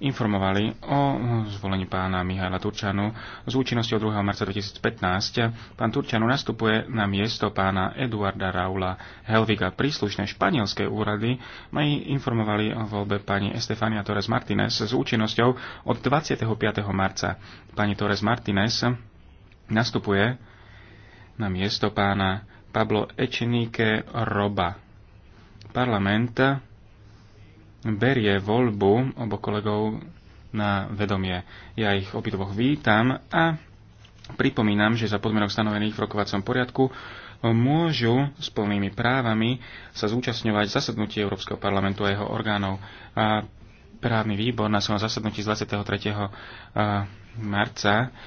informovali o zvolení pána Mihála Turčanu s od 2. marca 2015. Pán Turčanu nastupuje na miesto pána Eduarda Raula Helviga. Príslušné španielské úrady ma informovali o voľbe pani Estefania Torres Martinez s účinnosťou od 25. marca. Pani Torres Martinez nastupuje na miesto pána Pablo Echenique Roba. Parlament berie voľbu obo kolegov na vedomie. Ja ich obidvoch vítam a pripomínam, že za podmienok stanovených v rokovacom poriadku môžu s plnými právami sa zúčastňovať zasadnutie Európskeho parlamentu a jeho orgánov. A právny výbor na svojom zasadnutí z 23. marca